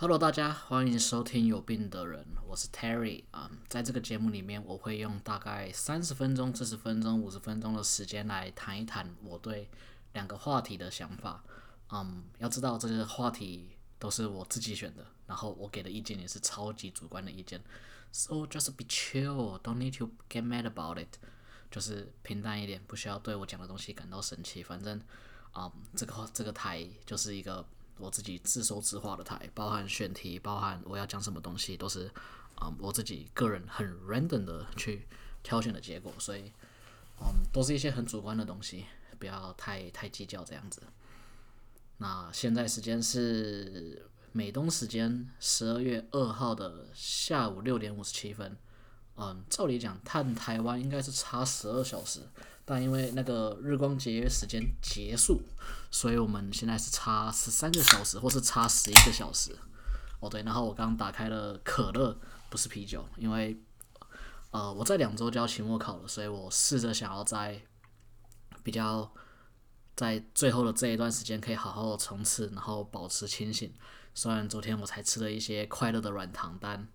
Hello，大家歡迎收聽有病的人，我是 Terry 啊。Um, 在這個節目裡面，我會用大概三十分鐘、四十分鐘、五十分鐘的時間來談一談我對兩個話題的想法。嗯、um，要知道這個話題都是我自己選的，然後我給的意見也是超級主觀的意見。So just be chill, don't need to get mad about it。就是平淡一點，不需要對我講的東西感到生氣。反正啊，um, 這個這個台就是一個。我自己自說自話的台，包含選題，包含我要講什麼東西，都是嗯我自己個人很 random 的去挑選的結果，所以嗯都是一些很主觀的東西，不要太太計較這樣子。那現在時間是美東時間十二月二號的下午六點五十七分，嗯，照理講，看台灣應該是差十二小時。但因為那個日光節約時間結束，所以我們現在是差十三個小時，或是差十一個小時。哦，對，然後我剛打開了可樂，不是啤酒，因為呃，我再兩週就要期末考了，所以我試着想要在比較在最後的這一段時間可以好好的衝刺，然後保持清醒。雖然昨天我才吃了一些快樂的軟糖，但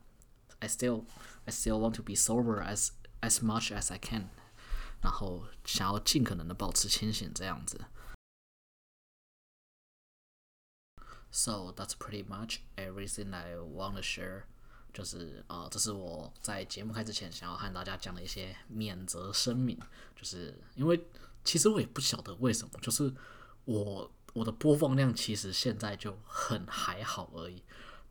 I still I still want to be sober as as much as I can。然後想要盡可能的保持清醒，這樣子。So that's pretty much everything I wanna share。就是啊、呃，這是我在節目開之前想要和大家講的一些免責聲明。就是因為其實我也不曉得為什麼，就是我我的播放量其實現在就很還好而已，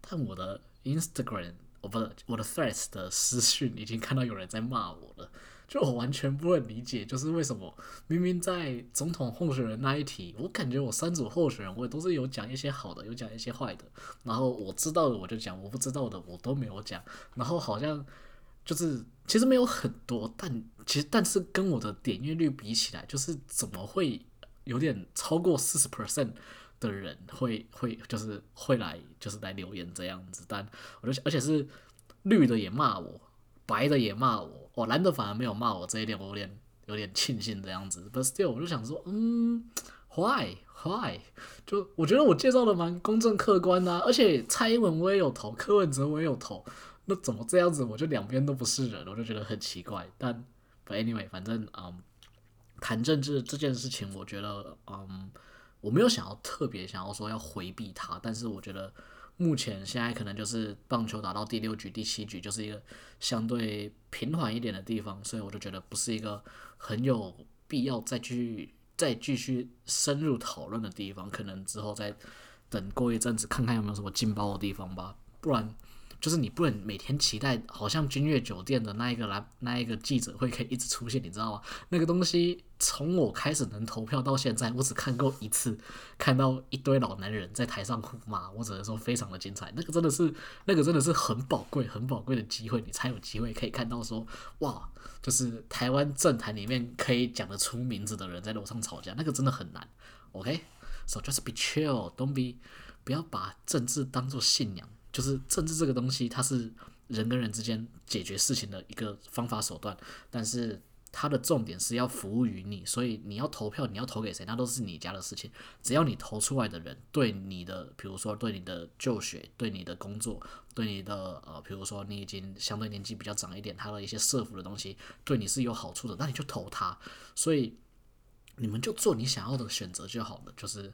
但我的 Instagram 哦不是我的，我的 Threads 的私訊已經看到有人在罵我了。就我完全不會理解，就是為什麼明明在總統候選人那一題，我感覺我三組候選人，我都是有講一些好的，有講一些壞的，然後我知道的我就講，我不知道的我都沒有講，然後好像就是其實沒有很多，但其實但是跟我的點閱率比起來，就是怎麼會有點超過四十 percent 的人會會就是會來就是來留言這樣子，但我就而且是綠的也罵我，白的也罵我。我藍的反而沒有罵我這一點，我有點有點慶幸的樣子。But still，我就想說，嗯，why why？就我覺得我介紹的蠻公正客觀吶、啊，而且蔡英文我也有投，柯文哲我也有投，那怎麼這樣子？我就兩邊都不是人，我就覺得很奇怪。但 But anyway，反正嗯，談政治這件事情，我覺得嗯，我沒有想要特別想要說要迴避他，但是我覺得。目前現在可能就是棒球打到第六局、第七局，就是一個相對平緩一點的地方，所以我就覺得不是一個很有必要再去再繼續深入討論的地方。可能之後再等過一陣子，看看有沒有什麼勁爆的地方吧，不然。就是你不能每天期待，好像君悅酒店的那一個那一個記者會可以一直出現，你知道嗎？那個東西從我開始能投票到現在，我只看過一次，看到一堆老男人在台上互罵。我只能說非常的精彩。那個真的是，那個真的是很寶貴、很寶貴的機會，你才有機會可以看到說，哇，就是台灣政壇裡面可以講得出名字的人在樓上吵架，那個真的很難。OK，so just be chill，don't be，不要把政治當作信仰。就是政治這個東西，它是人跟人之間解決事情的一個方法手段，但是它的重點是要服務於你，所以你要投票，你要投給誰，那都是你家的事情。只要你投出來的人對你的，比如說對你的就學、對你的工作、對你的呃，比如說你已經相對年紀比較長一點，他的一些社服的東西對你是有好處的，那你就投他。所以你們就做你想要的選擇就好了。就是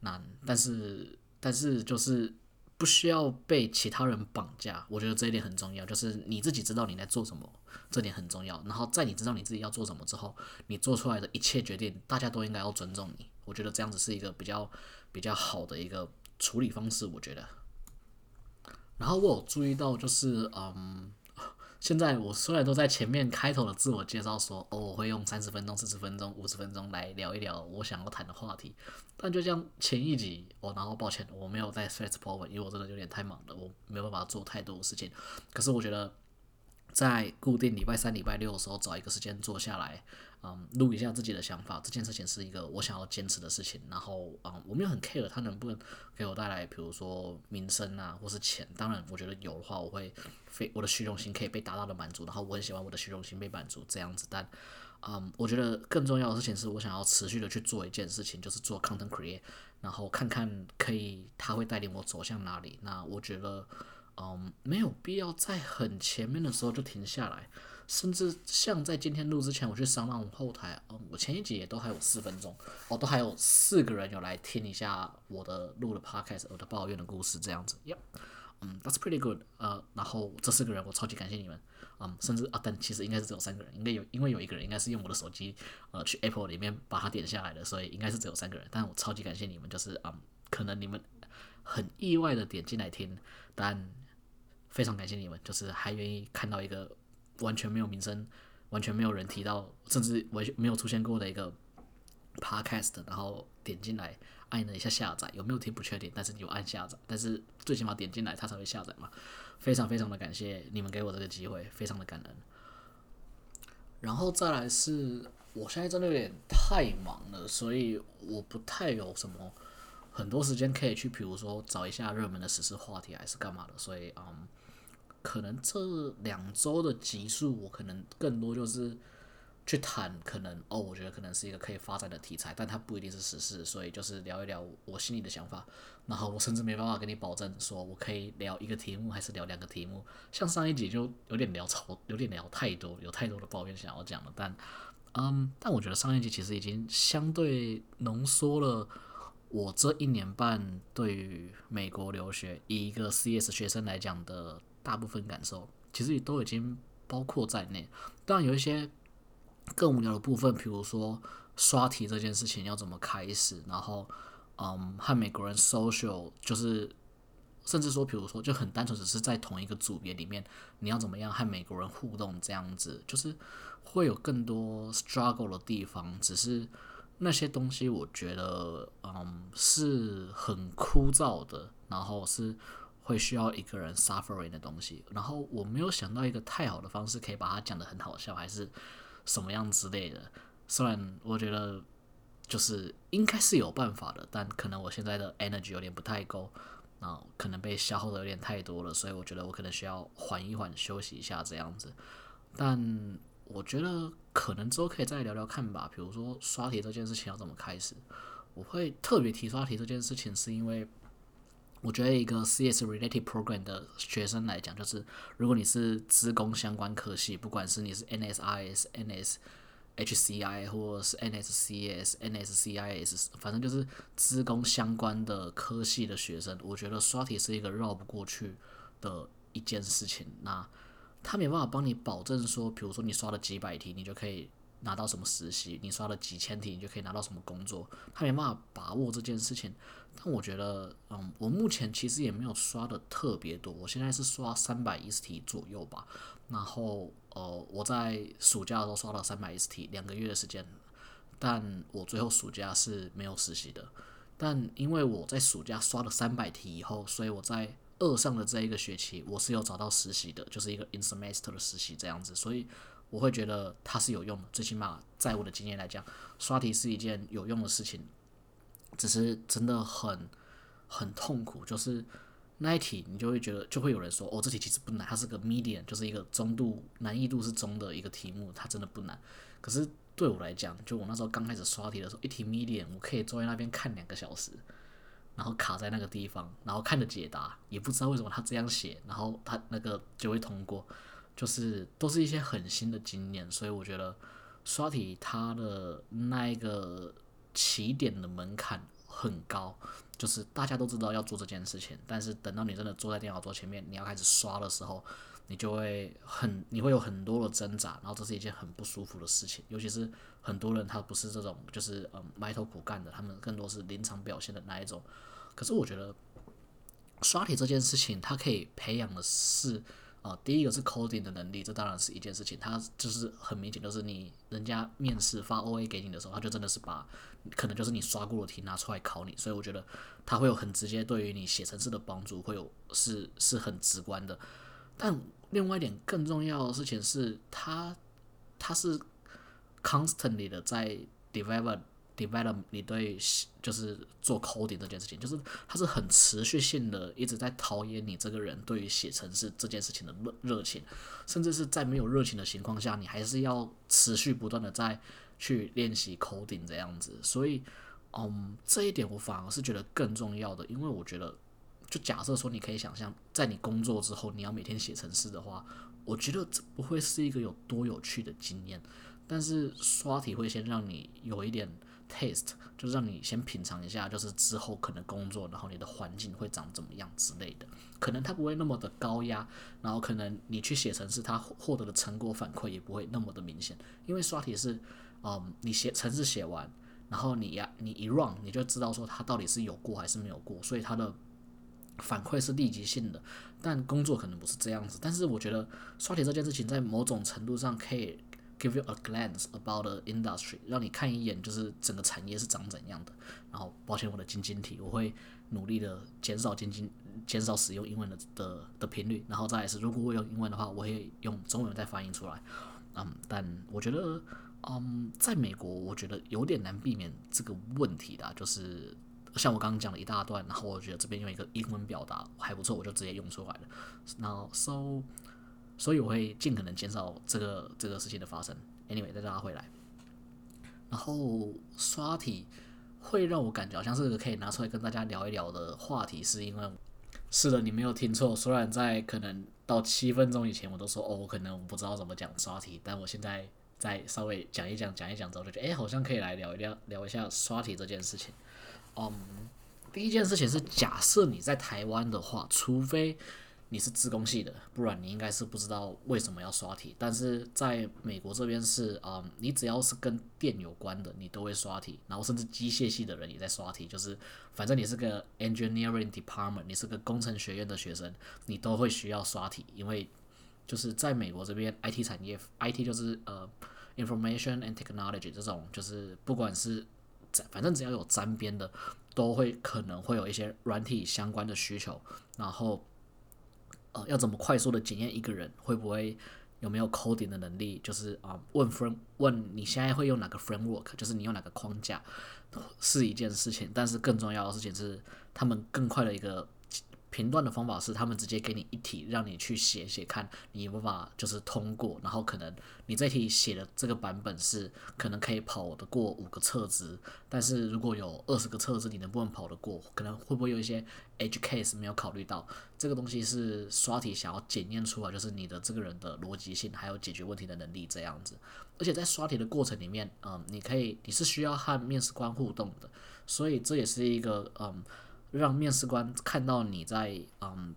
難，但是但是就是。不需要被其他人綁架，我覺得這一點很重要，就是你自己知道你在做什麼，這點很重要。然後在你知道你自己要做什麼之後，你做出來的一切決定，大家都應該要尊重你。我覺得這樣子是一個比較比較好的一個處理方式。我覺得。然後我有注意到，就是嗯。現在我雖然都在前面開頭的自我介紹說，哦，我會用三十分鐘、四十分鐘、五十分鐘來聊一聊我想要談的話題。但就像前一集，我、哦、然後抱歉，我沒有在 fast forward，因為我真的有點太忙了，我沒有辦法做太多的事情。可是我覺得，在固定禮拜三、禮拜六的時候，找一個時間坐下來。嗯，錄一下自己的想法。這件事情是一個我想要堅持的事情。然後，嗯，我沒有很 care 他能不能給我帶來，比如說名聲啊，或是錢。當然，我覺得有的話，我會非我的虛榮心可以被達到的滿足。然後，我很喜歡我的虛榮心被滿足這樣子。但，嗯，我覺得更重要的事情是我想要持續的去做一件事情，就是做 content create，然後看看可以它會帶領我走向哪裡。那我覺得，嗯，沒有必要在很前面的時候就停下來。甚至像在今天錄之前，我去商量後台，嗯，我前一集也都還有四分鐘，哦，都還有四個人有來聽一下我的錄的 podcast，我的抱怨的故事這樣子，Yeah，嗯，um，That's pretty good，呃，然後這四個人我超級感謝你們，嗯，甚至啊，但其實應該是只有三個人，應該有，因為有一個人應該是用我的手機，呃，去 Apple 裡面把它點下來的，所以應該是只有三個人，但我超級感謝你們，就是嗯，可能你們很意外的點進來聽，但非常感謝你們，就是還願意看到一個。完全沒有名聲，完全沒有人提到，甚至完全沒有出現過的一個 podcast，然後點進來按了一下下載，有沒有聽不確定，但是你有按下載，但是最起碼點進來它才會下載嘛。非常非常的感謝你們給我這個機會，非常的感恩。然後再來是我現在真的有點太忙了，所以我不太有什麼很多時間可以去，比如說找一下熱門的時事話題還是幹嘛的，所以嗯。可能這兩周的集數，我可能更多就是去談可能哦，我覺得可能是一個可以發展的題材，但它不一定是時事，所以就是聊一聊我心裡的想法。然後我甚至沒辦法跟你保證，說我可以聊一個題目，還是聊兩個題目。像上一集就有點聊超，有點聊太多，有太多的抱怨想要講了。但嗯，但我覺得上一集其實已經相對濃縮了我這一年半對於美國留學，以一個 CS 學生來講的。大部分感受其實也都已經包括在內，但有一些更無聊的部分，比如說刷題這件事情要怎麼開始，然後嗯，和美國人 social 就是，甚至說，比如說，就很單純只是在同一個組別裡面，你要怎麼樣和美國人互動這樣子，就是會有更多 struggle 的地方。只是那些東西，我覺得嗯是很枯燥的，然後是。會需要一個人 suffering 的東西，然後我沒有想到一個太好的方式可以把它講得很好笑，還是什麼樣之類的。雖然我覺得就是應該是有辦法的，但可能我現在的 energy 有點不太夠，然後可能被消耗得有點太多了，所以我覺得我可能需要緩一緩，休息一下這樣子。但我覺得可能之後可以再聊聊看吧，比如說刷題這件事情要怎麼開始，我會特別提刷題這件事情，是因為。我覺得一個 CS related program 的學生來講，就是如果你是資工相關科系，不管是你是 NSIS、NSHCI 或是 NSCS、NSCIS，反正就是資工相關的科系的學生，我覺得刷題是一個繞不過去的一件事情。那他沒辦法幫你保證說，比如說你刷了幾百題，你就可以。拿到什麼實習？你刷了幾千題，你就可以拿到什麼工作？他沒辦法把握這件事情。但我覺得，嗯，我目前其實也沒有刷得特別多，我現在是刷三百一十題左右吧。然後，呃，我在暑假的時候刷了三百一十題，兩個月的時間。但我最後暑假是沒有實習的。但因為我在暑假刷了三百題以後，所以我在二上的這一個學期我是有找到實習的，就是一個 in semester 的實習這樣子。所以。我會覺得它是有用的，最起碼在我的經驗來講，刷題是一件有用的事情，只是真的很很痛苦。就是那一題，你就會覺得，就會有人說，哦，這題其實不難，它是個 medium，就是一個中度難易度是中的一個題目，它真的不難。可是對我來講，就我那時候剛開始刷題的時候，一題 medium，我可以坐在那邊看兩個小時，然後卡在那個地方，然後看着解答，也不知道為什麼他這樣寫，然後他那個就會通過。就是都是一些很新的經驗，所以我覺得刷題它的那一個起點的門檻很高。就是大家都知道要做這件事情，但是等到你真的坐在電腦桌前面，你要開始刷的時候，你就會很，你會有很多的掙扎，然後這是一件很不舒服的事情。尤其是很多人他不是這種就是嗯埋頭苦幹的，他們更多是臨場表現的那一種。可是我覺得刷題這件事情，它可以培養的是。啊，第一個是 coding 的能力，這當然是一件事情。它就是很明顯，就是你人家面試發 OA 給你的時候，他就真的是把可能就是你刷過的題拿出來考你。所以我覺得他會有很直接對於你寫程式的幫助，會有是是很直觀的。但另外一點更重要的事情是，他他是 constantly 的在 develop。你對就是做 coding 這件事情，就是它是很持續性的，一直在考驗你這個人對於寫程式這件事情的熱熱情，甚至是在沒有熱情的情況下，你還是要持續不斷的在去練習 coding 這樣子所。所以，嗯，這一點我反而是覺得更重要的，因為我覺得，就假設說你可以想象，在你工作之後，你要每天寫程式的話，我覺得這不會是一個有多有趣的經驗。但是刷題會先讓你有一點。Taste 就是讓你先品嘗一下，就是之後可能工作，然後你的環境會長怎麼樣之類的，可能它不會那麼的高壓，然後可能你去寫程式，它獲得的成果反饋也不會那麼的明顯，因為刷題是，嗯，你寫程式寫完，然後你呀，你一 run 你就知道說它到底是有過還是沒有過，所以它的反饋是立即性的，但工作可能不是這樣子，但是我覺得刷題這件事情在某種程度上可以。Give you a glance about the industry，讓你看一眼，就是整個產業是長怎樣的。然後，抱歉我的晶晶體，我會努力的減少晶晶，減少使用英文的的的頻率。然後再來是，如果我用英文的話，我會用中文再翻譯出來。嗯，但我覺得，嗯，在美國，我覺得有點難避免這個問題的、啊，就是像我剛剛講了一大段，然後我覺得這邊用一個英文表達還不錯，我就直接用出來了。然後，so。所以我會盡可能減少這個這個事情的發生。Anyway，再拉回來。然後刷題會讓我感覺好像是可以拿出來跟大家聊一聊的話題，是因為是的，你沒有聽錯。雖然在可能到七分鐘以前，我都說哦，我可能我不知道怎麼講刷題，但我現在再稍微講一講、講一講之後，就覺得哎，好像可以來聊一聊、聊一下刷題這件事情。嗯，um，第一件事情是，假設你在台灣的話，除非。你是資工系的，不然你應該是不知道為什麼要刷題。但是在美國這邊是啊、嗯，你只要是跟電有關的，你都會刷題，然後甚至機械系的人也在刷題，就是反正你是個 engineering department，你是個工程學院的學生，你都會需要刷題，因為就是在美國這邊 IT 產業 IT 就是呃 information and technology 這種，就是不管是反正只要有沾邊的，都會可能會有一些軟體相關的需求，然後。呃，要怎麼快速的檢驗一個人會不會有沒有 coding 的能力？就是啊，問 frame，問你現在會用哪個 framework，就是你用哪個框架，是一件事情。但是更重要的事情是，他們更快的一個。評斷的方法是，他們直接給你一題，讓你去寫寫看，你有沒有辦法就是通過。然後可能你這一題寫的這個版本是可能可以跑得過五個測資，但是如果有二十個測資，你能不能跑得過？可能會不會有一些 edge case 沒有考慮到？這個東西是刷題想要檢驗出來，就是你的這個人的邏輯性還有解決問題的能力這樣子。而且在刷題的過程裡面，嗯，你可以你是需要和面試官互動的，所以這也是一個嗯，讓面試官看到你在嗯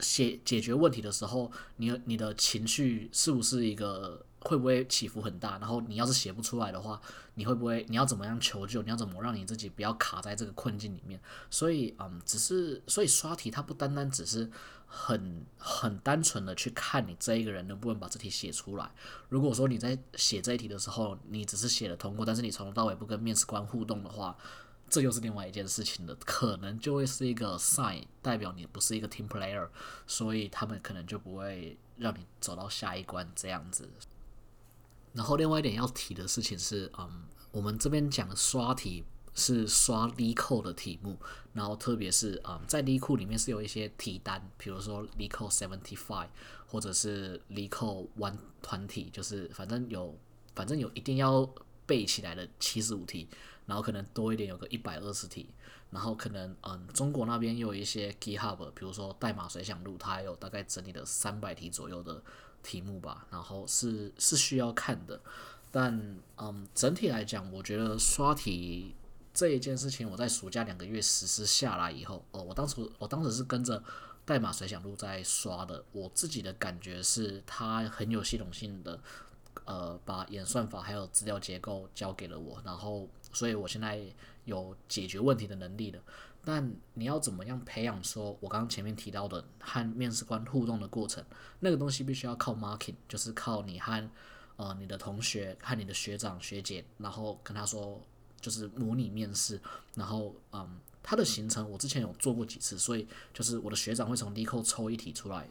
寫解決問題的時候，你你的情緒是不是一個會不會起伏很大？然後你要是寫不出來的話，你會不會你要怎麼樣求救？你要怎麼讓你自己不要卡在這個困境裡面？所以嗯，只是所以刷題它不單單只是很很單純的去看你這一個人能不能把這題寫出來。如果說你在寫這一題的時候，你只是寫的通過，但是你從頭到尾不跟面試官互動的話。這就是另外一件事情了，可能就會是一個 sign，代表你不是一個 team player，所以他們可能就不會讓你走到下一關這樣子。然後另外一點要提的事情是，嗯，我們這邊講的刷題是刷力扣的題目，然後特別是啊、嗯，在力扣裡面是有一些題單，比如說力扣 seventy five，或者是力扣 one twenty，就是反正有反正有一定要背起來的七十五題。然後可能多一點，有個一百二十題。然後可能，嗯，中國那邊又有一些 GitHub，比如說《代碼隨想錄》，它有大概整理的三百題左右的題目吧。然後是是需要看的。但，嗯，整體來講，我覺得刷題這一件事情，我在暑假兩個月實施下來以後，哦、呃，我當時我當時是跟着《代碼隨想錄》在刷的。我自己的感覺是，它很有系統性的。呃，把演算法還有資料結構教給了我，然後，所以我現在有解決問題的能力了。但你要怎麼樣培養說？說我剛剛前面提到的和面試官互動的過程，那個東西必須要靠 marketing，就是靠你和呃你的同學和你的學長學姐，然後跟他說就是模擬面試，然後嗯，他的行程我之前有做過幾次，所以就是我的學長會從 LeetCode 抽一題出來。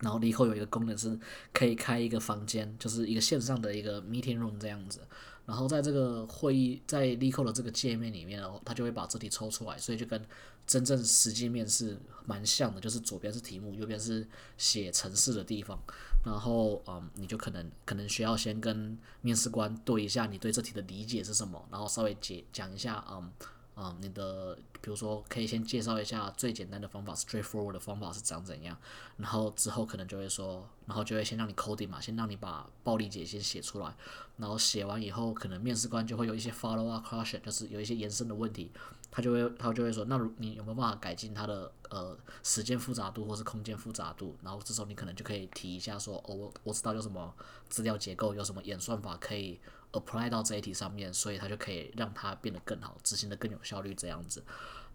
然後立 i 有一個功能是可以開一個房間，就是一個線上的一個 meeting room 這樣子。然後，在這個會議在立 i 的這個界面裡面，然後他就會把這題抽出來，所以就跟真正實際面試蠻像的，就是左邊是題目，右邊是寫程式的地方。然後，嗯，你就可能可能需要先跟面試官對一下你對這題的理解是什麼，然後稍微解講一下，嗯。啊、嗯，你的比如說可以先介紹一下最簡單的方法，straightforward 的方法是長怎樣，然後之後可能就會說，然後就會先讓你 coding 嘛，先讓你把暴力解先寫出來，然後寫完以後，可能面試官就會有一些 follow up question，就是有一些延伸的問題，他就會他就會說，那如你有沒有辦法改進它的呃時間複雜度或是空間複雜度？然後這時候你可能就可以提一下說，哦，我我知道有什麼資料結構，有什麼演算法可以 apply 到這一題上面，所以它就可以讓它變得更好，執行的更有效率這樣子。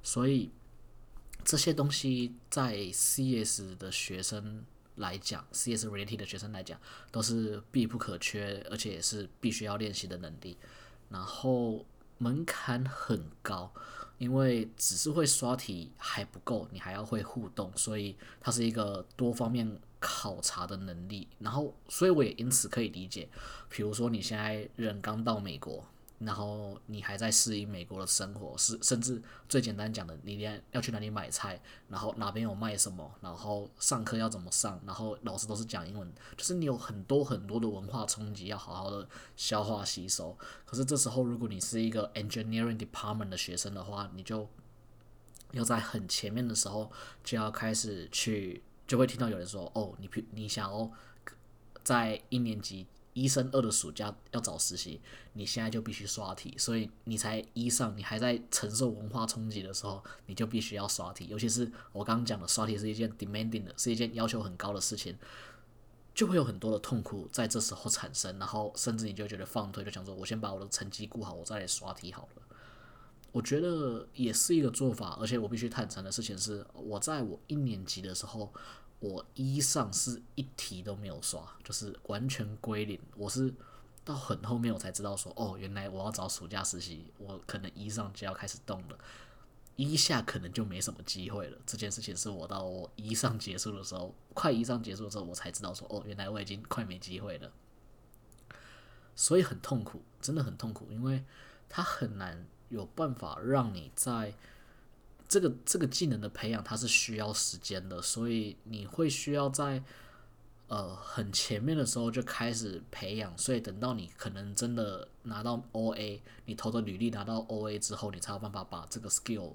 所以這些東西在 CS 的學生來講，CS related 的學生來講，都是必不可缺，而且也是必須要練習的能力。然後門檻很高，因為只是會刷題還不夠，你還要會互動，所以它是一個多方面考察的能力，然後所以我也因此可以理解，比如說你現在人剛到美國，然後你還在適應美國的生活，是甚至最簡單講的，你連要去哪裡買菜，然後哪邊有賣什麼，然後上課要怎麼上，然後老師都是講英文，就是你有很多很多的文化衝擊，要好好的消化吸收。可是這時候，如果你是一個 engineering department 的學生的話，你就要在很前面的時候就要開始去。就會聽到有人說：“哦，你你想哦，在一年級一升二的暑假要找實習，你現在就必須刷題，所以你才一上，你還在承受文化衝擊的時候，你就必須要刷題。尤其是我剛剛講的刷題是一件 demanding 的，是一件要求很高的事情，就會有很多的痛苦在這時候產生。然後甚至你就覺得放推，就想說我先把我的成績顧好，我再來刷題好了。我覺得也是一個做法。而且我必須坦誠的事情是，我在我一年級的時候。”我一上是一題都沒有刷，就是完全歸零。我是到很後面我才知道說，哦，原來我要找暑假實習，我可能一上就要開始動了，一下可能就沒什麼機會了。這件事情是我到我一上結束的時候，快一上結束的時候，我才知道說，哦，原來我已經快沒機會了，所以很痛苦，真的很痛苦，因為它很難有辦法讓你在。這個這個技能的培養它，是需要時間的，所以你會需要在呃，很前面的時候就開始培養，所以等到你可能真的拿到 OA，你投的履歷拿到 OA 之後，你才有辦法把這個 skill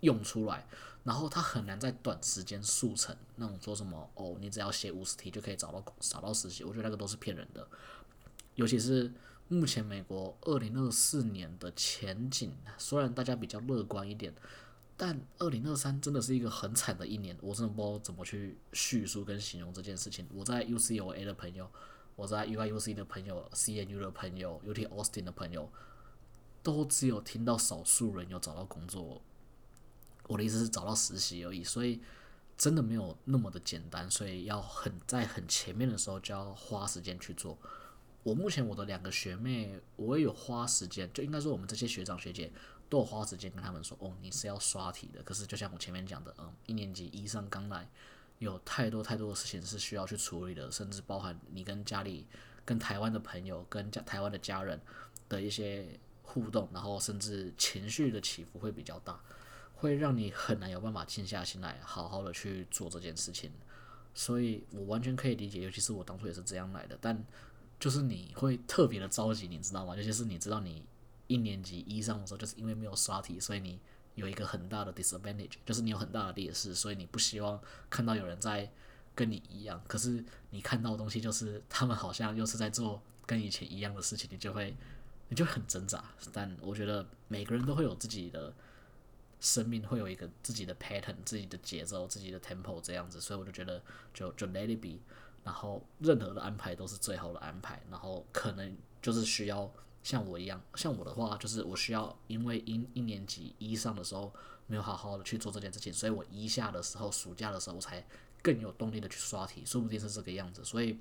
用出來，然後它很難在短時間速成。那種說什麼哦，你只要寫五十題就可以找到找到實習，我覺得那個都是騙人的。尤其是目前美國二零二四年的前景，雖然大家比較樂觀一點。但二零二三真的是一個很慘的一年，我真的不知道怎麼去敘述跟形容這件事情。我在 UCLA 的朋友，我在 UIUC 的朋友，CNU 的朋友，UT Austin 的朋友，都只有聽到少數人有找到工作。我的意思是找到實習而已，所以真的沒有那麼的簡單，所以要很在很前面的時候就要花時間去做。我目前我的兩個學妹，我也有花時間，就應該說我們這些學長學姐。多花時間跟他們說，哦，你是要刷題的。可是就像我前面講的，嗯，一年級一上剛來，有太多太多的事情是需要去處理的，甚至包含你跟家裡、跟台灣的朋友、跟家台灣的家人的一些互動，然後甚至情緒的起伏會比較大，會讓你很難有辦法靜下心來，好好的去做這件事情。所以我完全可以理解，尤其是我當初也是這樣來的。但就是你會特別的着急，你知道嗎？尤、就、其是你知道你。一年級一上的時候，就是因為沒有刷題，所以你有一個很大的 disadvantage，就是你有很大的劣勢，所以你不希望看到有人在跟你一樣。可是你看到的東西就是他們好像又是在做跟以前一樣的事情，你就會你就會很掙扎。但我覺得每個人都會有自己的生命，會有一個自己的 pattern、自己的節奏、自己的 tempo 這樣子，所以我就覺得就就 let it be，然後任何的安排都是最好的安排，然後可能就是需要。像我一樣，像我的話，就是我需要，因為一一年級一上的時候沒有好好的去做這件事情，所以我一下的時候，暑假的時候我才更有動力的去刷題，說不定是這個樣子，所以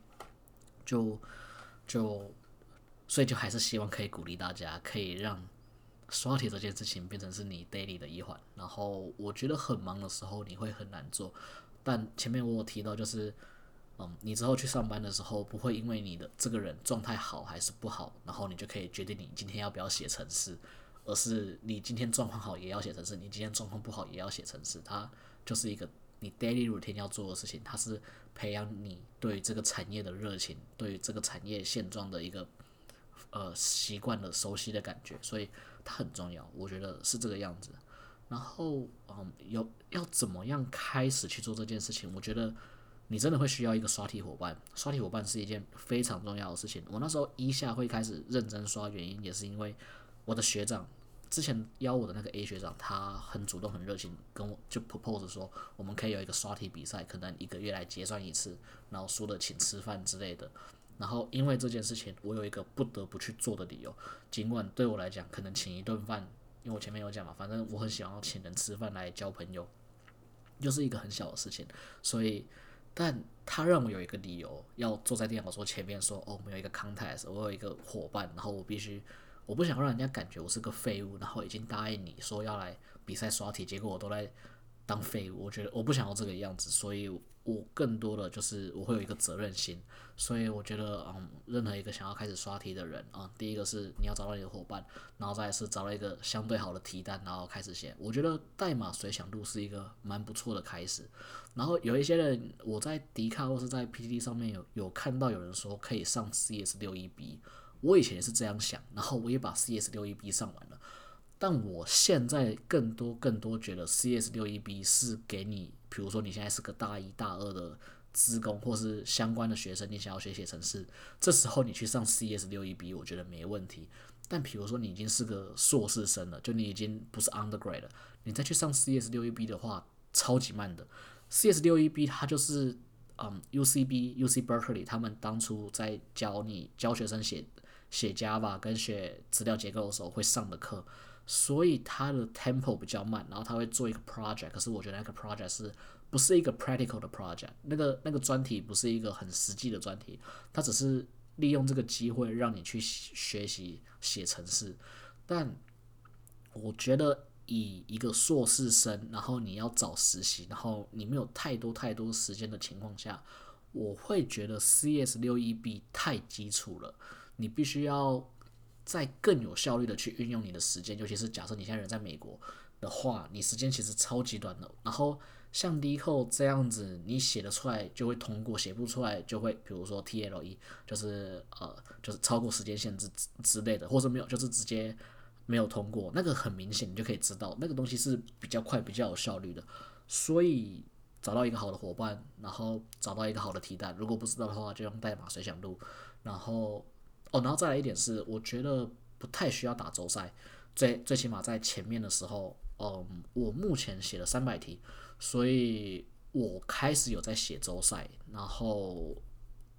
就就所以就還是希望可以鼓勵大家，可以讓刷題這件事情變成是你 daily 的一環。然後我覺得很忙的時候你會很難做，但前面我有提到就是。嗯，你之後去上班的時候，不會因為你的這個人狀態好還是不好，然後你就可以決定你今天要不要寫程式，而是你今天狀況好也要寫程式，你今天狀況不好也要寫程式，它就是一個你 daily routine 要做的事情，它是培養你對這個產業的熱情，對這個產業現狀的一個呃習慣的熟悉的感覺，所以它很重要，我覺得是這個樣子。然後，嗯，有要怎麼樣開始去做這件事情，我覺得。你真的會需要一個刷題夥伴，刷題夥伴是一件非常重要的事情。我那時候一下會開始認真刷，原因也是因為我的學長之前邀我的那個 A 學長，他很主動、很熱情，跟我就 propose 說我們可以有一個刷題比賽，可能一個月來結算一次，然後輸了請吃飯之類的。然後因為這件事情，我有一個不得不去做的理由。儘管對我來講，可能請一頓飯，因為我前面有講嘛，反正我很喜歡請人吃飯來交朋友，就是一個很小的事情，所以。但他讓我有一個理由，要坐在電腦桌前面說：“哦，我們有一個 contest，我有一個夥伴，然後我必須，我不想讓人家感覺我是個廢物。然後已經答應你說要來比賽刷題，結果我都在當廢物。我覺得我不想要這個樣子，所以我。”我更多的就是我會有一個責任心，所以我覺得，嗯，任何一個想要開始刷題的人啊，第一個是你要找到你的夥伴，然後再是找到一個相對好的題單，然後開始寫。我覺得代碼隨想錄是一個蠻不錯的開始。然後有一些人我在迪卡或是在 PTT 上面有有看到有人說可以上 CS 六一 B，我以前也是這樣想，然後我也把 CS 六一 B 上完了，但我現在更多更多覺得 CS 六一 B 是給你。比如說你現在是個大一、大二的資工或是相關的學生，你想要學寫程式，這時候你去上 CS 六一 B 我覺得沒問題。但比如說你已經是個碩士生了，就你已經不是 undergrad 了，你再去上 CS 六一 B 的話，超級慢的。CS 六一 B 它就是嗯 UCB，呃、UC Berkeley 他們當初在教你教學生寫寫 Java 跟寫資料結構的時候會上的課。所以他的 tempo 比較慢，然後他會做一個 project，可是我覺得那個 project 是不是一個 practical 的 project，那個那個專題不是一個很實際的專題，他只是利用這個機會讓你去學習寫程式。但我覺得以一個碩士生，然後你要找實習，然後你沒有太多太多時間的情況下，我會覺得 CS61B 太基礎了，你必須要，再更有效率的去運用你的時間，尤其是假設你現在人在美國的話，你時間其實超級短的。然後像 LeetCode 這樣子，你寫得出來就會通過，寫不出來就會，比如說 TLE，就是呃，就是超過時間限制之類的，或者沒有，就是直接沒有通過。那個很明顯，你就可以知道那個東西是比較快、比較有效率的。所以找到一個好的伙伴，然後找到一個好的題單。如果不知道的話，就用代碼隨想錄，然後。哦，然後再來一點是，我覺得不太需要打週賽，最最起碼在前面的時候，嗯，我目前寫了三百題，所以我開始有在寫週賽，然後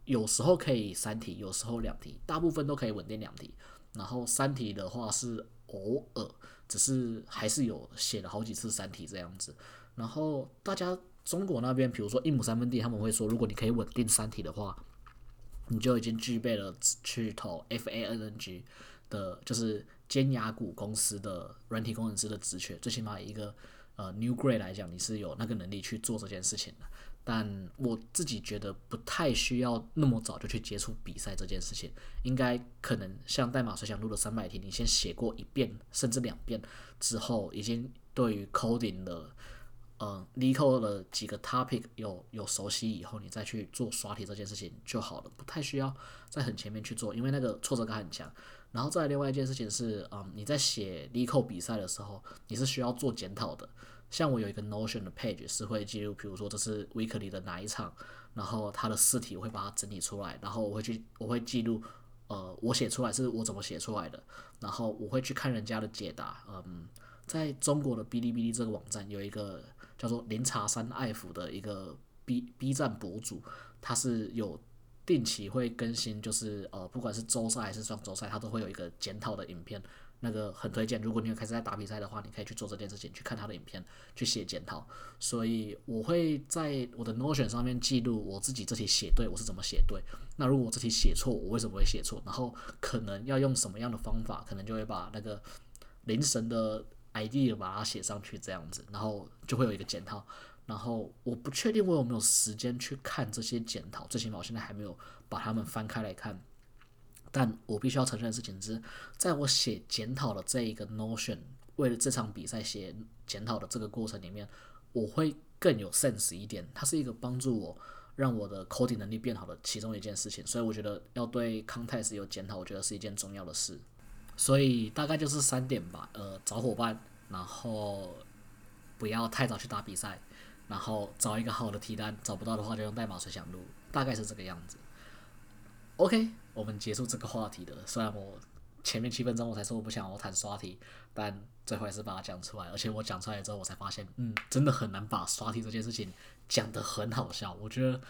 有時候可以三題，有時候兩題，大部分都可以穩定兩題，然後三題的話是偶爾，只是還是有寫了好幾次三題這樣子，然後大家中國那邊，比如說一畝三分地，他們會說，如果你可以穩定三題的話。你就已經具備了去投 F A N N G 的，就是尖牙股公司的軟體工程師的職權。最起碼一個呃 New Grad 來講，你是有那個能力去做這件事情的。但我自己覺得不太需要那麼早就去接觸比賽這件事情，應該可能像代碼隨想錄的三百題，你先寫過一遍甚至兩遍之後，已經對於 Coding 的。嗯 Leetcode 的幾個 topic 有有熟悉以後，你再去做刷題這件事情就好了，不太需要在很前面去做，因為那個挫折感很強。然後再另外一件事情是，嗯，你在寫 Leetcode 比賽的時候，你是需要做檢討的。像我有一個 Notion 的 page 是會記錄，比如說這是 weekly 的哪一場，然後它的試題我會把它整理出來，然後我會去我會記錄，呃，我寫出來是我怎麼寫出來的，然後我會去看人家的解答。嗯，在中國的嗶哩嗶哩這個網站有一個。叫做“靈茶山艾府”的一個 B B 站博主，他是有定期會更新，就是呃，不管是周賽還是雙周賽，他都會有一個檢討的影片，那個很推薦。如果你有開始在打比賽的話，你可以去做這件事情，去看他的影片，去寫檢討。所以我會在我的 Notion 上面記錄我自己這題寫對，我是怎麼寫對，那如果我這題寫錯，我為什麼會寫錯，然後可能要用什麼樣的方法，可能就會把那個靈神的。idea 把它寫上去這樣子，然後就會有一個檢討。然後我不確定我有沒有時間去看這些檢討，最起碼我現在還沒有把它們翻開來看。但我必須要承認的事情是，在我寫檢討的這一個 Notion，為了這場比賽寫檢討的這個過程裡面，我會更有 sense 一點。它是一個幫助我讓我的 coding 能力變好的其中一件事情，所以我覺得要對 contest 有檢討，我覺得是一件重要的事。所以大概就是三點吧，呃，找夥伴，然後不要太早去打比賽，然後找一個好的題單，找不到的話就用代碼隨想錄，大概是這個樣子。OK，我們結束這個話題的。雖然我前面七分鐘我才說我不想要談刷題，但最後還是把它講出來。而且我講出來之後，我才發現，嗯，真的很難把刷題這件事情講得很好笑。我覺得。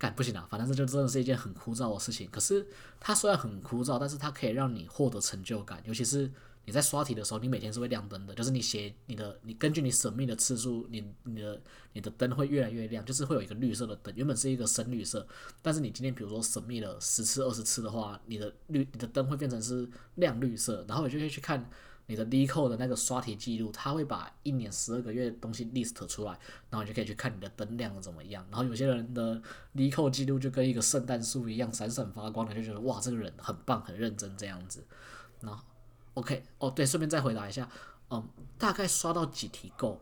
幹不行了、啊，反正這就真的是一件很枯燥的事情。可是它雖然很枯燥，但是它可以讓你獲得成就感。尤其是你在刷題的時候，你每天是會亮燈的，就是你寫你的，你根據你 submit 的次數，你你的你的燈會越來越亮，就是會有一個綠色的燈，原本是一個深綠色，但是你今天比如說 submit 了十次、二十次的話，你的綠你的燈會變成是亮綠色，然後你就會去看。你的 Leetcode 的那個刷題記錄，他會把一年十二個月的東西 list 出來，然後你就可以去看你的燈亮了怎麼樣。然後有些人的 Leetcode 記錄就跟一個聖誕樹一樣閃閃發光的，就覺得哇，這個人很棒，很認真這樣子。然後 OK，哦對，順便再回答一下，嗯，大概刷到幾題夠？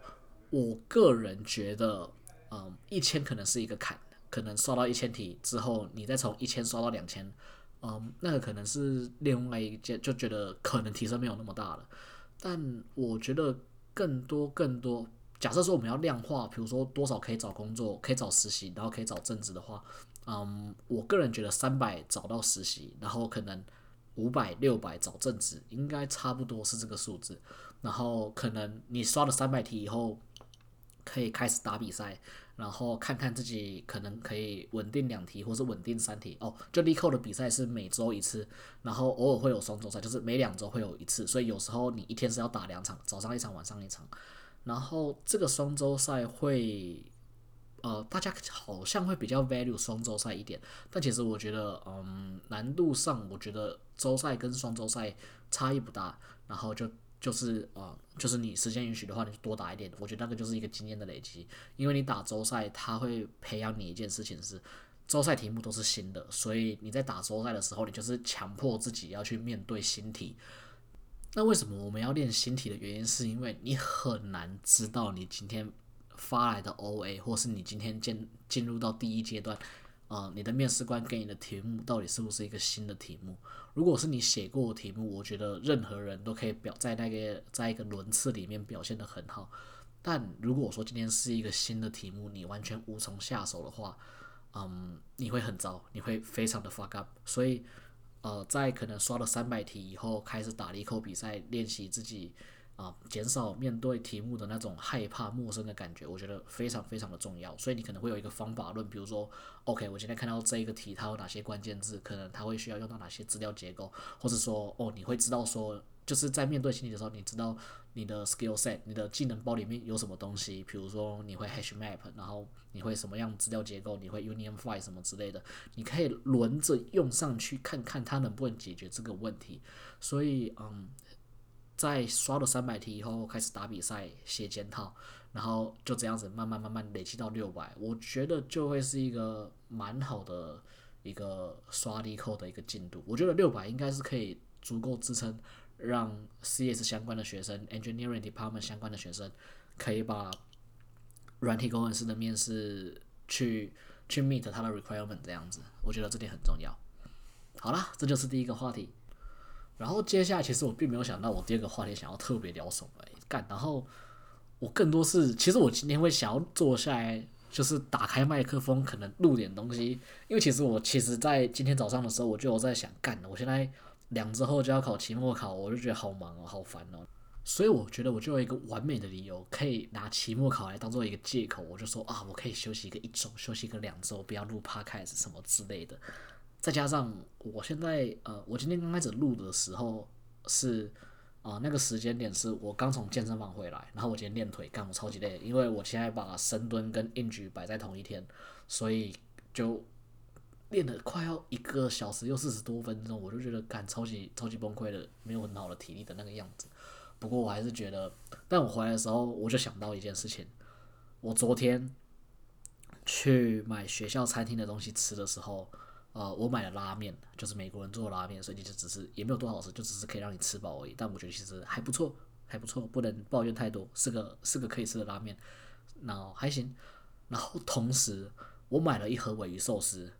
我個人覺得，嗯，一千可能是一個坎，可能刷到一千題之後，你再從一千刷到兩千。嗯，那個可能是另外一件，就覺得可能提升沒有那麼大了。但我覺得更多更多，假設說我們要量化，比如說多少可以找工作，可以找實習，然後可以找正職的話，嗯，我個人覺得三百找到實習，然後可能五百六百找正職，應該差不多是這個數字。然後可能你刷了三百題以後，可以開始打比賽。然後看看自己可能可以穩定兩題，或是穩定三題哦。Oh, 就力扣的比賽是每周一次，然後偶爾會有雙周賽，就是每兩周會有一次。所以有時候你一天是要打兩場，早上一場，晚上一場。然後這個雙周賽會，呃，大家好像會比較 value 雙周賽一點，但其實我覺得，嗯，難度上我覺得周賽跟雙周賽差異不大。然後就。就是啊，嗯，就是你時間允許的話，你就多打一點。我覺得那個就是一個經驗的累積，因為你打周賽，它會培養你一件事情是，周賽題目都是新的，所以你在打周賽的時候，你就是強迫自己要去面對新題。那為什麼我們要練新題的原因，是因為你很難知道你今天發來的 OA，或是你今天進進入到第一階段，啊、呃，你的面試官給你的題目到底是不是一個新的題目？如果是你寫過的題目，我覺得任何人都可以表在那個在一個輪次裡面表現得很好。但如果我說今天是一個新的題目，你完全無從下手的話，嗯，你會很糟，你會非常的 fuck up。所以，呃，在可能刷了三百題以後，開始打了 Leetcode 比賽，練習自己。啊，減少面對題目的那種害怕陌生的感覺，我覺得非常非常的重要。所以你可能會有一個方法論，比如說，OK，我現在看到這一個題，它有哪些關鍵字？可能它會需要用到哪些資料結構？或者說，哦，你會知道說，就是在面對心理的時候，你知道你的 skill set，你的技能包裡面有什麼東西？比如說你會 hash map，然後你會什麼樣資料結構？你會 union find 什麼之類的？你可以輪着用上去，看看它能不能解決這個問題。所以，嗯。在刷了三百題以後，開始打比賽、寫檢討，然後就這樣子慢慢慢慢累積到六百，我覺得就會是一個蠻好的一個刷 LeetCode 的一個進度。我覺得六百應該是可以足夠支撐，讓 CS 相關的學生、 Engineering Department 相關的學生可以把軟體工程師的面試去去 meet 他的 requirement，這樣子，我覺得這點很重要。好啦，這就是第一個話題。然後接下來，其實我並沒有想到我第二個話題想要特別聊什麼，幹。然後我更多是，其實我今天會想要坐下來，就是打開麥克風，可能錄點東西。因為其實我其實，在今天早上的時候，我就有在想，幹，我現在兩周後就要考期末考，我就覺得好忙哦，好煩哦。所以我覺得我就有一個完美的理由，可以拿期末考來當做一個借口，我就說啊，我可以休息一個一周，休息一個兩周，不要錄 podcast 什麼之類的。再加上我現在呃，我今天剛開始錄的時候是啊、呃，那個時間點是我剛從健身房回來，然後我今天練腿，幹我超級累，因為我現在把深蹲跟硬舉擺在同一天，所以就練了快要一個小時又四十多分鐘，我就覺得幹超級超級崩潰的，沒有很好的體力的那個樣子。不過我還是覺得，但我回來的時候我就想到一件事情，我昨天去買學校餐廳的東西吃的時候。呃，我買了拉麵，就是美國人做的拉麵，所以你就只是也沒有多好吃，就只是可以讓你吃飽而已。但我覺得其實還不錯，還不錯，不能抱怨太多，是個是個可以吃的拉麵，然後還行。然後同時，我買了一盒鮪魚壽司，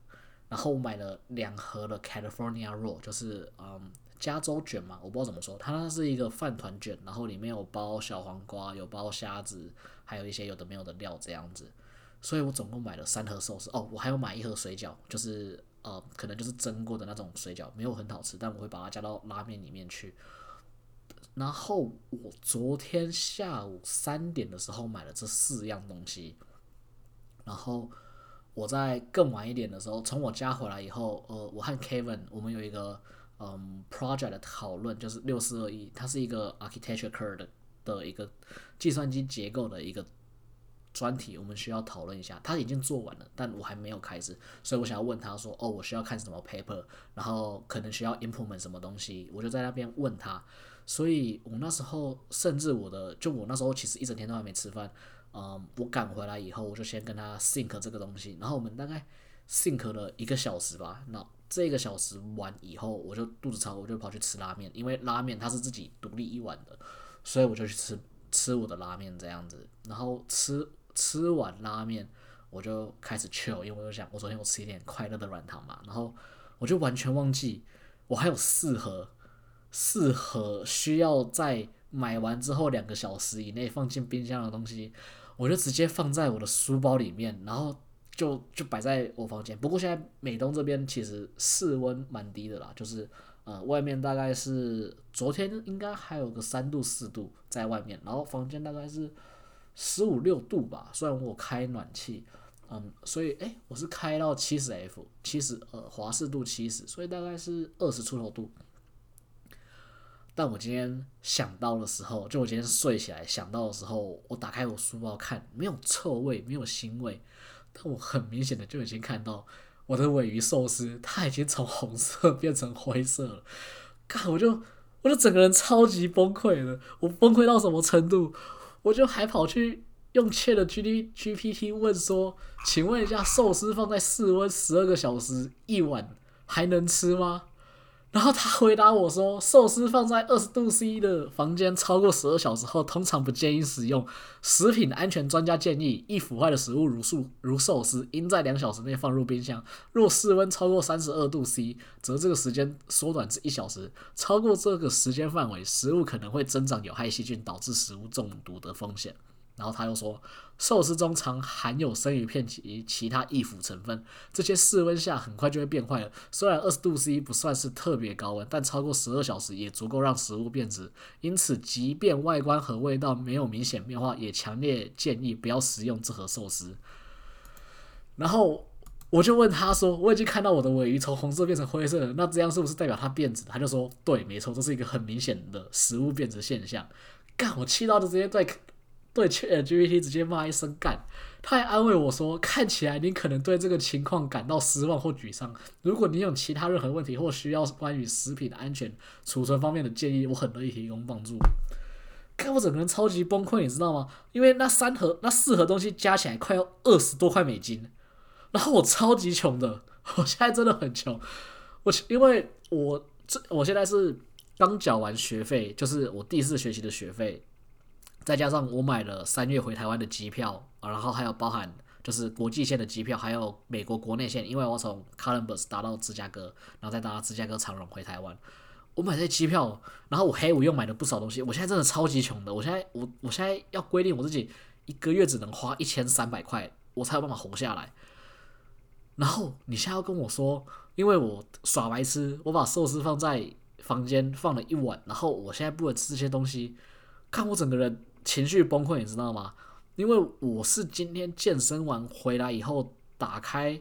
然後我買了兩盒的 California roll，就是嗯加州卷嘛，我不知道怎麼說，它是一個飯團卷，然後裡面有包小黃瓜，有包蝦子，還有一些有的沒有的料這樣子。所以我總共買了三盒壽司哦，我還有買一盒水餃，就是。呃，可能就是蒸過的那種水餃，沒有很好吃，但我會把它加到拉麵裡面去。然後我昨天下午三點的時候買了這四樣東西，然後我在更晚一點的時候，從我家回來以後，呃，我和 Kevin 我們有一個嗯、呃、project 的討論，就是六四二一，它是一個 architecture 的的一個計算機結構的一個。專題我們需要討論一下，他已經做完了，但我還沒有開始，所以我想要問他說，哦，我需要看什麼 paper，然後可能需要 implement 什麼東西，我就在那邊問他。所以我那時候甚至我的，就我那時候其實一整天都還沒吃飯，嗯，我趕回來以後，我就先跟他 think 這個東西，然後我們大概 think 了一個小時吧，那這個小時完以後，我就肚子超餓，我就跑去吃拉麵，因為拉麵它是自己獨立一碗的，所以我就去吃吃我的拉麵這樣子，然後吃。吃完拉麵，我就開始 chill，因為我就想，我昨天我吃一點快樂的軟糖嘛，然後我就完全忘記我還有四盒，四盒需要在買完之後兩個小時以內放進冰箱的東西，我就直接放在我的書包裡面，然後就就擺在我房間。不過現在美東這邊其實室溫蠻低的啦，就是呃外面大概是昨天應該還有個三度四度在外面，然後房間大概是。十五六度吧，雖然我開暖氣，嗯，所以誒、欸，我是開到七十 F，七十呃華氏度七十，所以大概是二十出頭度。但我今天想到的時候，就我今天睡起來想到的時候，我打開我書包看，沒有臭味，沒有腥味，但我很明顯的就已經看到我的鮪魚壽司，它已經從紅色變成灰色了。看，我就我就整個人超級崩潰了。我崩潰到什麼程度？我就還跑去用 Chat G G P T 問說：“請問一下，壽司放在室溫十二個小時一晚還能吃嗎？”然後他回答我說：“壽司放在二十度 C 的房間超過十二小時後，通常不建議食用。食品安全專家建議，易腐壞的食物如壽如壽司，應在兩小時內放入冰箱。若室溫超過三十二度 C，則這個時間縮短至一小時。超過這個時間範圍，食物可能會增長有害細菌，導致食物中毒的風險。”.然後他又說，壽司中常含有生魚片及其他易腐成分，這些室溫下很快就會變壞了。雖然二十度 C 不算是特別高溫，但超過十二小時也足夠讓食物變質。因此，即便外觀和味道沒有明顯變化，也強烈建議不要食用這盒壽司。然後我就問他說：“我已經看到我的鮪魚從紅色變成灰色了，那這樣是不是代表它變質？”他就說：“對，沒錯，這是一個很明顯的食物變質現象。”幹！我氣到就直接在。對，GPT 直接罵一聲幹，他還安慰我說：“看起來你可能對這個情況感到失望或沮喪。如果你有其他任何問題或需要關於食品的安全儲存方面的建議，我很樂意提供幫助。”看我整個人超級崩潰，你知道嗎？因為那三盒、那四盒東西加起來快要二十多塊美金，然後我超級窮的，我現在真的很窮。我因為我這我現在是剛繳完學費，就是我第四學期的學費。再加上我買了三月回台灣的機票，啊，然後還有包含就是國際線的機票，還有美國國內線，因為我從哥倫布搭到芝加哥，然後再搭芝加哥長榮回台灣，我買這些機票，然後我黑五又買了不少東西，我現在真的超級窮的，我現在我我現在要規定我自己一個月只能花一千三百塊，我才有辦法活下來。然後你現在要跟我說，因為我耍白痴，我把壽司放在房間放了一晚，然後我現在不能吃這些東西，看我整個人。情緒崩潰，你知道嗎？因為我是今天健身完回來以後，打開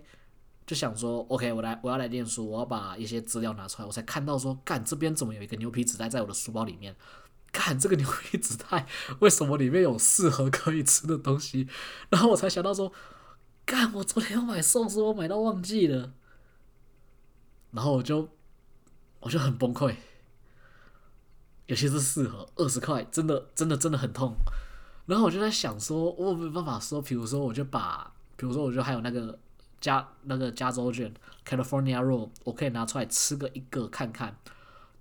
就想說，OK，我來，我要來念書，我要把一些資料拿出來，我才看到說，干，這邊怎麼有一個牛皮紙袋在我的書包裡面？幹，這個牛皮紙袋為什麼裡面有四盒可以吃的東西？然後我才想到說，幹，我昨天要買壽司，我買到忘記了，然後我就，我就很崩潰。有些是四盒，二十塊，真的，真的，真的很痛。然後我就在想說，我有沒有辦法說，比如說，我就把，比如說，我就還有那個加那個加州卷 （California roll），我可以拿出來吃個一個看看。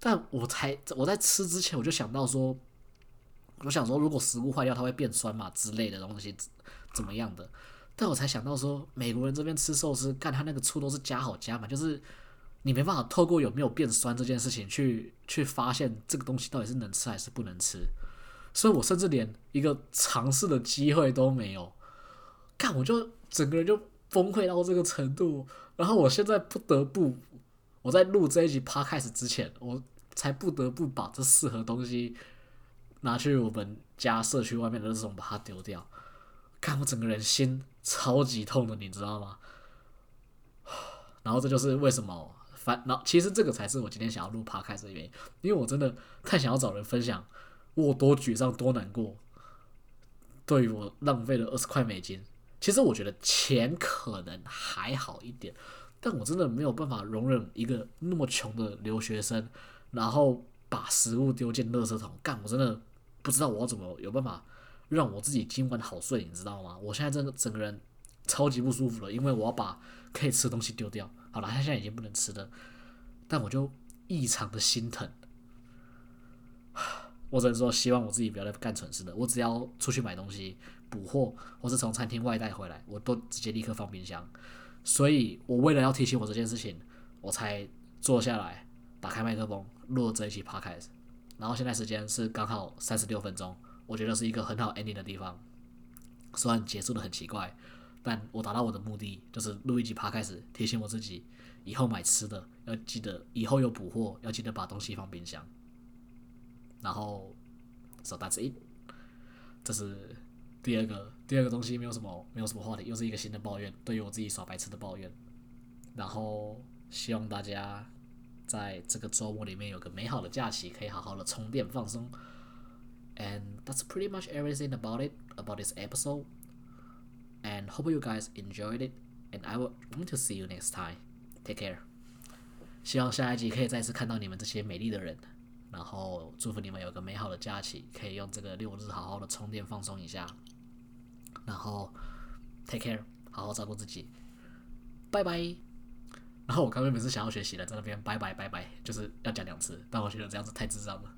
但我才我在吃之前，我就想到說，我想說，如果食物壞掉，它會變酸嘛之類的東西怎麼樣的？但我才想到說，美國人這邊吃壽司，看他那個醋都是加好加嘛，就是。你沒辦法透過有沒有變酸這件事情去去發現這個東西到底是能吃還是不能吃，所以我甚至連一個嘗試的機會都沒有。看，我就整個人就崩潰到這個程度。然後我現在不得不，我在錄這一集 Podcast 開始之前，我才不得不把這四盒東西拿去我們家社區外面的垃圾桶把它丟掉。看，我整個人心超級痛的，你知道嗎？然後這就是為什麼。煩，惱，no, 其實這個才是我今天想要錄 podcast 的原因，因為我真的太想要找人分享我多沮喪多難過，對於我浪費了二十塊美金。其實我覺得錢可能還好一點，但我真的沒有辦法容忍一個那麼窮的留學生，然後把食物丟進垃圾桶。幹，我真的不知道我要怎麼有辦法讓我自己今晚好睡，你知道嗎？我現在真的整個人超級不舒服了，因為我要把可以吃的東西丟掉。好了，他現在已經不能吃了，但我就異常的心疼。我只能說，希望我自己不要再幹蠢事了。我只要出去買東西補貨，或是從餐廳外帶回來，我都直接立刻放冰箱。所以我為了要提醒我這件事情，我才坐下來打開麥克風錄這一期 p o c a s t 然後現在時間是剛好三十六分鐘，我覺得是一個很好 ending 的地方，雖然結束的很奇怪。但我達到我的目的，就是錄一集爬開始，提醒我自己，以後買吃的要記得，以後有補貨要記得把東西放冰箱。然後，so that's it。這是第二個第二個東西，沒有什麼沒有什麼話題，又是一個新的抱怨，對於我自己耍白痴的抱怨。然後希望大家在這個周末裡面有個美好的假期，可以好好的充電放鬆。And that's pretty much everything about it, about this episode. And hope you guys enjoyed it. And I want to see you next time. Take care. 希望下一集可以再次看到你們這些美麗的人。然後祝福你們有個美好的假期，可以用這個六日好好的充電放鬆一下。然後 take care，好好照顧自己。拜拜。然後我剛剛本來是想要學習的，在那邊拜拜拜拜，就是要講兩次，但我覺得這樣子太智障了。